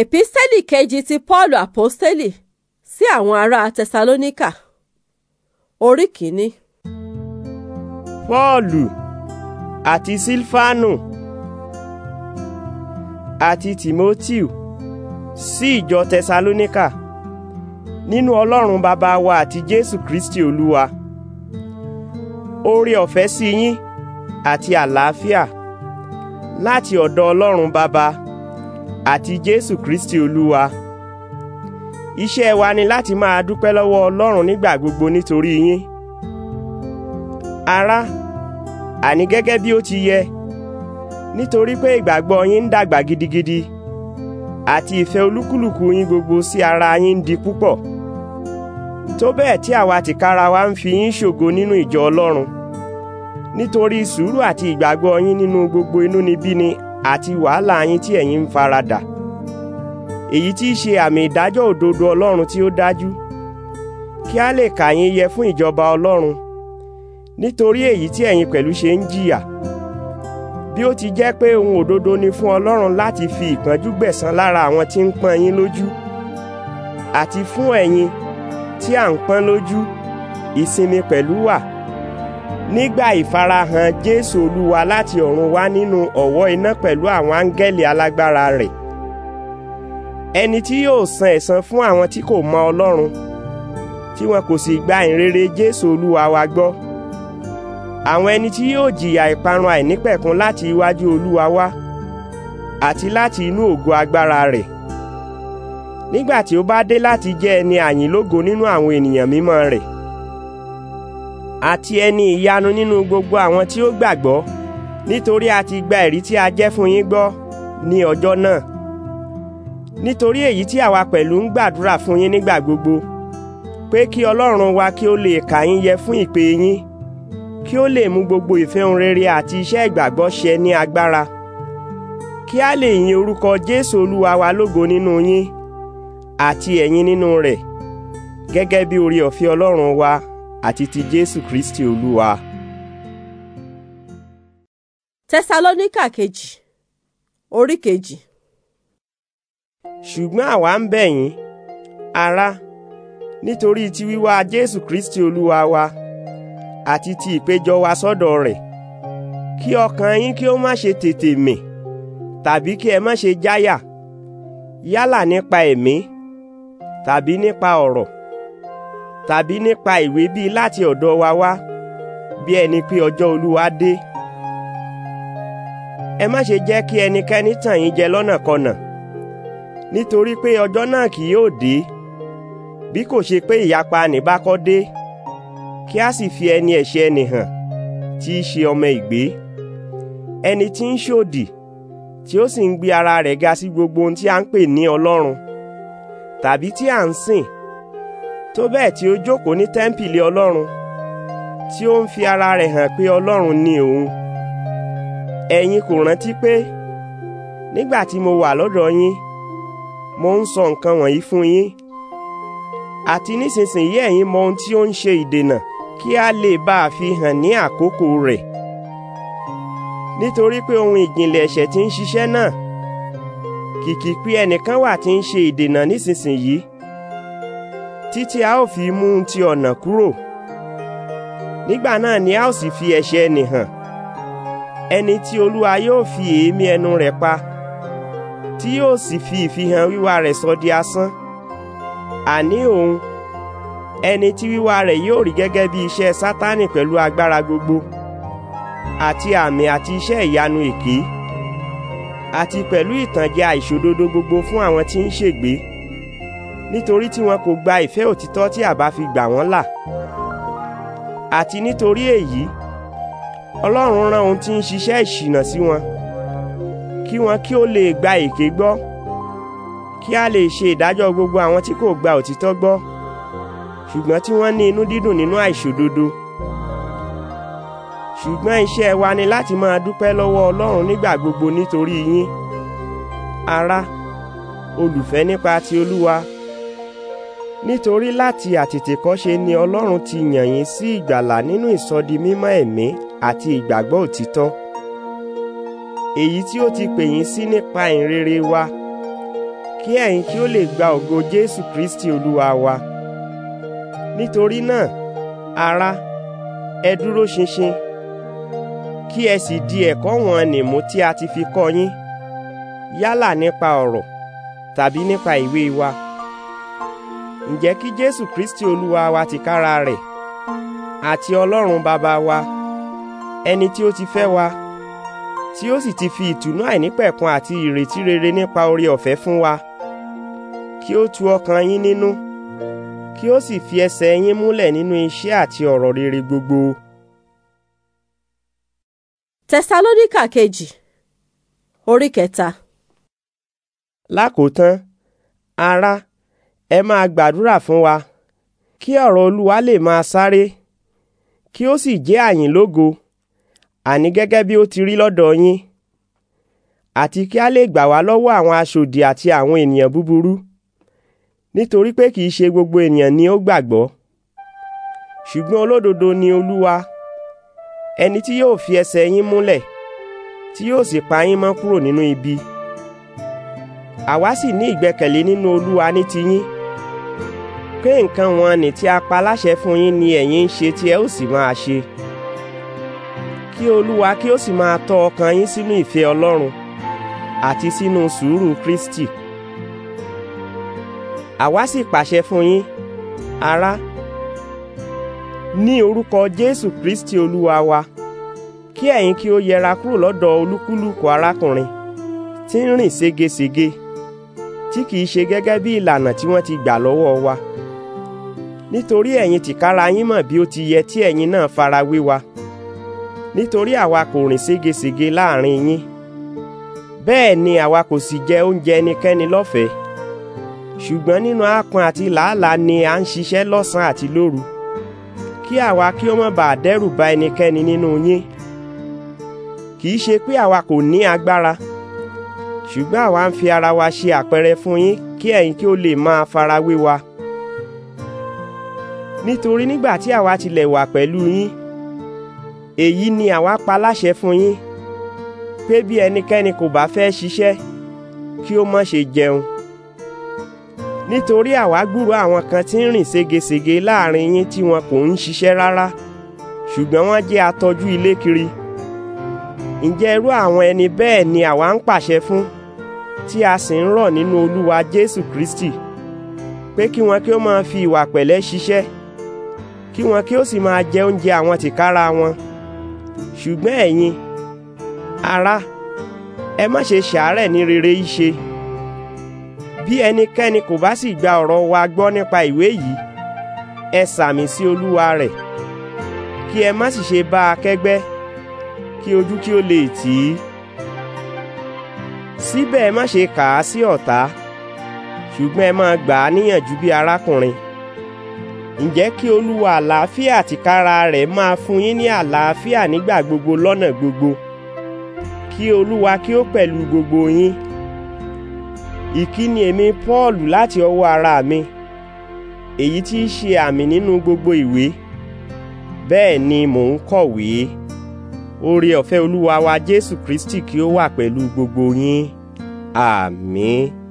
èpísẹ́lì kejì ti pọ́ọ̀lù àpọ́stẹ́lì sí àwọn ará tẹsalóníkà orí kìíní. pọ́ọ̀lù àti sílfánù àti tìmọ́tíù sí ìjọ tẹsalóníkà nínú ọlọ́run bàbá wa àti jésù kristi olúwa oore ọ̀fẹ́ sí yín àti àlàáfíà láti ọ̀dọ̀ ọlọ́run bàbá. àti Jésù Kristi Olúwa. Iṣẹ́ wa ni láti máa dúpẹ́ lọ́wọ́ Ọlọ́run nígbà gbogbo nítorí yín. Ara àní gẹ́gẹ́ bí ó ti yẹ, nítorí pé ìgbàgbọ́ yín ń dàgbà gidigidi, àti ìfẹ́ olúkúlùkù yín gbogbo sí ara yín ń di púpọ̀. Tó bẹ́ẹ̀ tí àwa tìkára wa ń fi yín ṣògo nínú ìjọ Ọlọ́run. Nítorí sùúrù àti ìgbàgbọ́ yín nínú gbogbo inú inúnibíni àti wàhálà yín tí ẹ̀yin ń faradà èyí tí í ṣe àmì ìdájọ́ òdodo Ọlọ́run tí ó dájú kí a lè kà yín yẹ fún ìjọba Ọlọ́run nítorí èyí tí ẹ̀yin pẹ̀lú ṣe ń jìyà bí ó ti jẹ́ pé ohun òdodo ni fún Ọlọ́run láti fi ìpọ́njú gbẹ̀san lára àwọn tí ń pọ́n yín lójú àti fún ẹ̀yin tí à ń pọ́n lójú ìsinmi pẹ̀lú wà nígbà ìfarahàn jésù olúwa láti ọ̀run wá nínú ọ̀wọ́ iná pẹ̀lú àwọn áńgẹ́lì alágbára rẹ̀ ẹni tí yóò san ẹ̀san fún àwọn tí kò mọ ọlọ́run tí wọn kò sì gba ìrere jésù olúwa wa gbọ́ àwọn ẹni tí yóò jìyà ìparun àìnípẹ̀kun láti iwájú olúwa wa àti láti inú ògo agbára rẹ̀ nígbà tí ó bá dé láti jẹ́ ẹni àyìnlógo nínú àwọn ènìyàn mímọ́ rẹ̀ àti ẹni ìyanu nínú gbogbo àwọn tí ó gbàgbọ́ nítorí a ti gba ẹ̀rí tí a jẹ́ fún yín gbọ́ ní ọjọ́ náà nítorí èyí tí àwa pẹ̀lú ń gbàdúrà fún yín nígbà gbogbo pé kí ọlọ́run wa kí ó lè kà yín yẹ fún ìpè yín kí ó lè mú gbogbo ìfẹ́ ohun rere àti iṣẹ́ ìgbàgbọ́ ṣẹ ní agbára kí a lè yin orúkọ Jésù olúwa wa lógo nínú yín àti ẹ̀yin nínú rẹ̀ gẹ́gẹ́ bí oore ọ̀fẹ́ ọlọ́run wa àti ti Jésù Kristi Olúwa. Tẹsalóníkà kejì orí kejì. ṣùgbọ́n àwa ń bẹ̀ yín ará nítorí ti wíwá Jésù Kristi Olúwa wa àti ti ìpéjọ wa sọ́dọ̀ rẹ̀ kí ọkàn yín kí ó má ṣe tètè mì tàbí kí ẹ má ṣe jáyà yálà nípa ẹ̀mí tàbí nípa ọ̀rọ̀ tàbí nípa ìwé bíi láti ọ̀dọ̀ wa wá bí ẹni pé ọjọ́ Olúwa dé ẹ má ṣe jẹ́ kí ẹnikẹ́ni tàn yín jẹ lọ́nàkọnà nítorí pé ọjọ́ náà kì yóò dé bí kò ṣe pé ìyapa nìbákọ́ dé kí a sì fi ẹni ẹ̀ṣẹ̀ ẹni hàn tí í ṣe ọmọ ìgbé ẹni tí ń ṣòdì tí ó sì ń gbé ara rẹ̀ ga sí gbogbo ohun tí a ń pè ní Ọlọ́run tàbí tí a ń sìn tó bẹ́ẹ̀ tí ó jókòó ní tẹ́ḿpìlì ọlọ́run tí ó ń fi ara rẹ̀ hàn pé ọlọ́run ni òun ẹ̀yin kò rántí pé nígbà tí mo wà lọ́dọ̀ yín mo ń sọ nǹkan wọ̀nyí fún yín àti nísinsìnyí ẹ̀yin mọ ohun tí ó ń ṣe ìdènà kí a lè bá a fi hàn ní àkókò rẹ̀ nítorí pé ohun ìjìnlẹ̀ ẹ̀ṣẹ̀ tí ń ṣiṣẹ́ náà kìkì pé ẹnìkan wà tí ń ṣe ìdènà nísinsìnyí títí a ó fi mú ti ọ̀nà kúrò nígbà náà ni a ó sì fi ẹ̀ṣẹ̀ nì hàn ẹni tí olúwa yóò fi èémí ẹnu rẹ̀ pa tí yóò sì fi ìfihàn wíwá rẹ̀ sọ di asán àní òun ẹni tí wíwá rẹ̀ yóò rí gẹ́gẹ́ bí iṣẹ́ sátánì pẹ̀lú agbára gbogbo àti àmì àti iṣẹ́ ìyanu èké àti pẹ̀lú ìtànjẹ àìṣòdodo gbogbo fún àwọn tí ń ṣègbé nítorí tí wọn kò gba ìfẹ́ òtítọ́ tí a bá fi gbà wọ́n là àti nítorí èyí Ọlọ́run rán ohun tí ń ṣiṣẹ́ ìṣìnà sí wọn kí wọn kí ó lè gba èké gbọ́ kí a lè ṣe ìdájọ́ gbogbo àwọn tí kò gba òtítọ́ gbọ́ ṣùgbọ́n tí wọ́n ní inú dídùn nínú àìṣòdodo ṣùgbọ́n iṣẹ́ wa ni láti máa dúpẹ́ lọ́wọ́ Ọlọ́run nígbà gbogbo nítorí yín ará olùfẹ́ nípa ti Olúwa nítorí láti àtètèkọ́ṣe ni Ọlọ́run ti yàn yín sí ìgbàlà nínú ìsọdi mímọ́ ẹ̀mí àti ìgbàgbọ́ òtítọ́ èyí tí ó ti pè yín sí nípa ìrere wa kí ẹ̀yin kí ó lè gba ògo Jésù Kristi Olúwa wa nítorí náà ará ẹ dúró ṣinṣin kí ẹ sì di ẹ̀kọ́ wọn nìmú tí a ti fi kọ́ yín yálà nípa ọ̀rọ̀ tàbí nípa ìwé wa ǹjẹ́ kí jésù kristi olúwa wa tìkára rẹ̀ àti ọlọ́run bàbá wa ẹni tí ó ti fẹ́ wa tí ó sì ti fi ìtùnú àìnípẹ̀kun àti ìrètí rere nípa oore ọ̀fẹ́ fún wa kí ó tu ọkàn yín nínú kí ó sì fi ẹsẹ̀ yín múlẹ̀ nínú iṣẹ́ àti ọ̀rọ̀ rere gbogbo. tẹsalóníkà kejì orí kẹta. lákòótán ará ẹ máa gbàdúrà fún wa kí ọ̀rọ̀ olúwa lè máa sáré kí ó sì jẹ́ àyìn lógo àní gẹ́gẹ́ bí ó ti rí lọ́dọ̀ yín àti kí a lè gbà wá lọ́wọ́ àwọn aṣòdì àti àwọn ènìyàn búburú nítorí pé kì í ṣe gbogbo ènìyàn ni ó gbàgbọ́ ṣùgbọ́n olódodo ni olúwa ẹni tí yóò fi ẹsẹ̀ yín múlẹ̀ tí yóò sì pa yín mọ́ kúrò nínú ibi àwa sì ní ìgbẹ́kẹ̀lé nínú olúwa ní tiyín pé nǹkan wọn nì tí a pa láṣẹ fún yín ni ẹ̀yin ń ṣe tí ẹ ó sì máa ṣe kí olúwa kí ó sì máa tọ́ ọkàn yín sínú ìfẹ́ ọlọ́run àti sínú sùúrù kristi àwa sì pàṣẹ fún yín ará ní orúkọ jésù kristi olúwa wa kí ẹ̀yin kí ó yẹra kúrò lọ́dọ̀ olúkúlùkù arákùnrin tí ń rìn ségesège tí kìí ṣe gẹ́gẹ́ bí ìlànà tí wọ́n ti gbà lọ́wọ́ wa nítorí ẹ̀yin tìkára yín mọ̀ bí ó ti yẹ tí ẹ̀yin náà fara wé wa nítorí àwa kò rìn ségesège láàrin yín bẹ́ẹ̀ ni àwa kò sì jẹ oúnjẹ ẹnikẹ́ni lọ́fẹ̀ẹ́ ṣùgbọ́n nínú àpọn àti làálàá ni à ń ṣiṣẹ́ lọ́sàn-án àti lóru kí àwa kí ó má bàa dẹ́rù ba ẹnikẹ́ni nínú yín kì í ṣe pé àwa kò ní agbára ṣùgbọ́n àwa ń fi ara wa ṣe àpẹẹrẹ fún yín kí ẹ̀yin kí ó lè máa farawé wa nítorí nígbà tí àwa tilẹ̀ wà pẹ̀lú yín èyí ni àwa pa láṣẹ fún yín pé bí ẹnikẹ́ni kò bá fẹ́ ṣiṣẹ́ kí ó má ṣe jẹun nítorí àwa gbúrò àwọn kan tí ń rìn ségesège láàrin yín tí wọn kò ń ṣiṣẹ́ rárá ṣùgbọ́n wọ́n jẹ́ atọ́jú ilé kiri ǹjẹ́ irú àwọn ẹni bẹ́ẹ̀ ni àwa ń pàṣẹ fún tí a sì ń rọ̀ nínú Olúwa Jésù Kristi pé kí wọn kí ó máa fi ìwà pẹ̀lẹ́ ṣiṣẹ́ kí wọn kí ó sì máa jẹ oúnjẹ àwọn tìkára wọn ṣùgbọ́n ẹ̀yin ará ẹ má ṣe ṣàárẹ̀ ní rere í ṣe bí ẹnikẹ́ni kò bá sì gba ọ̀rọ̀ wa gbọ́ nípa ìwé yìí ẹ sàmì sí olúwa rẹ̀ kí ẹ má sì ṣe bá a kẹ́gbẹ́ kí ojú kí ó lè tì í síbẹ̀ ẹ má ṣe kà á sí ọ̀tá ṣùgbọ́n ẹ máa gbà á níyànjú bí arákùnrin ǹjẹ́ kí olúwa àlàáfíà tìkára rẹ̀ máa fún yín ní àlàáfíà nígbà gbogbo lọ́nà gbogbo kí olúwa kí ó pẹ̀lú gbogbo yín ìkíni èmi Paul láti ọwọ́ ara mi èyí tí í ṣe àmì nínú gbogbo ìwé bẹ́ẹ̀ ni mò ń kọ̀wé oore ọ̀fẹ́ olúwa wa Jésù Kristi kí ó wà pẹ̀lú gbogbo yín àmín. Ah,